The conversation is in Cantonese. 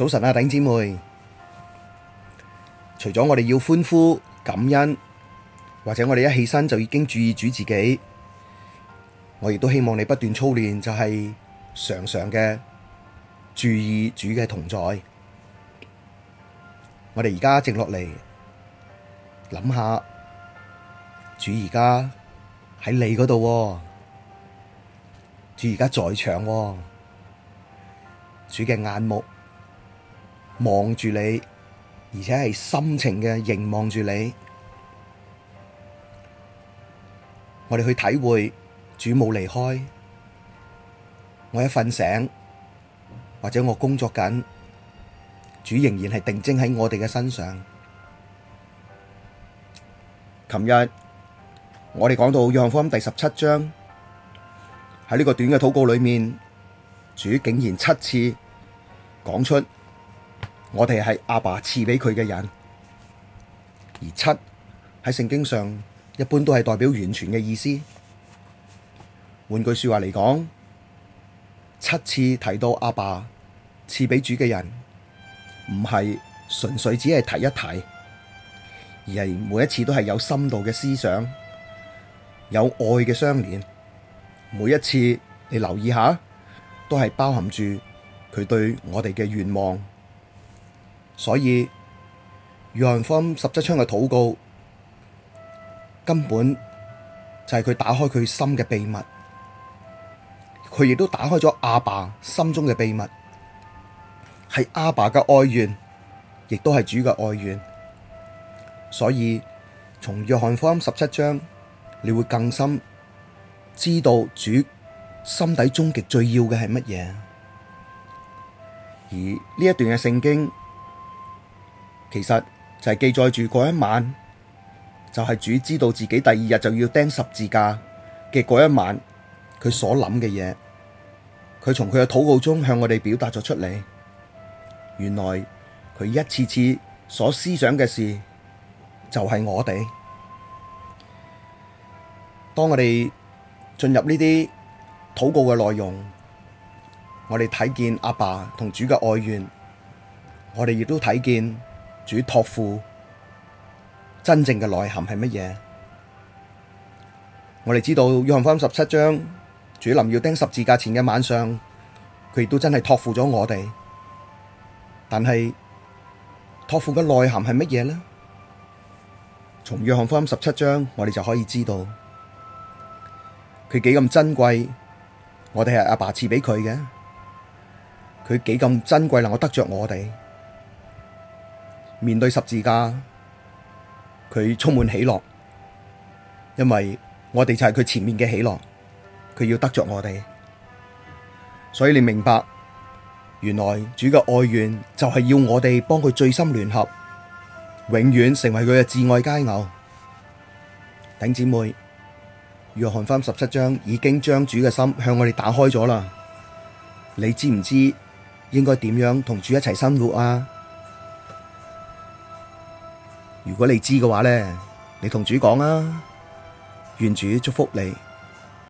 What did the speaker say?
早晨啊，頂姐妹！除咗我哋要歡呼感恩，或者我哋一起身就已經注意主自己，我亦都希望你不斷操練，就係常常嘅注意主嘅同在。我哋而家靜落嚟諗下，主而家喺你嗰度，主而家在場，主嘅眼目，望住你，而且係深情嘅凝望住你。我哋去體會主冇離開。我一瞓醒，或者我工作緊，主仍然係定睛喺我哋嘅身上。琴日我哋講到約翰福音第十七章，喺呢個短嘅禱告裏面，主竟然七次講出。我哋係阿爸賜畀佢嘅人，而七喺聖經上一般都係代表完全嘅意思。換句說話嚟講，七次提到阿爸賜畀主嘅人，唔係純粹只係提一提，而係每一次都係有深度嘅思想，有愛嘅相連。每一次你留意下，都係包含住佢對我哋嘅願望。所以約翰福音十七章嘅禱告，根本就係佢打開佢心嘅秘密，佢亦都打開咗阿爸心中嘅秘密，係阿爸嘅愛願，亦都係主嘅愛願。所以從約翰福音十七章，你會更深知道主心底終極最要嘅係乜嘢。而呢一段嘅聖經。其實就係記載住嗰一晚，就係主知道自己第二日就要釘十字架嘅嗰一晚，佢所諗嘅嘢，佢從佢嘅禱告中向我哋表達咗出嚟。原來佢一次次所思想嘅事，就係我哋。當我哋進入呢啲禱告嘅內容，我哋睇見阿爸同主嘅愛願，我哋亦都睇見。主托付真正嘅內涵係乜嘢？我哋知道約翰福音十七章主臨要釘十字架前嘅晚上，佢亦都真係托付咗我哋。但係托付嘅內涵係乜嘢呢？從約翰福音十七章，我哋就可以知道佢幾咁珍貴。我哋係阿爸賜俾佢嘅，佢幾咁珍貴，能夠得着我哋。面對十字架，佢充滿喜樂，因為我哋就係佢前面嘅喜樂，佢要得着我哋，所以你明白，原來主嘅愛願就係要我哋幫佢最深聯合，永遠成為佢嘅至愛佳偶。頂姊妹，約翰福音十七章已經將主嘅心向我哋打開咗啦，你知唔知應該點樣同主一齊生活啊？如果你知嘅話咧，你同主講啊，願主祝福你。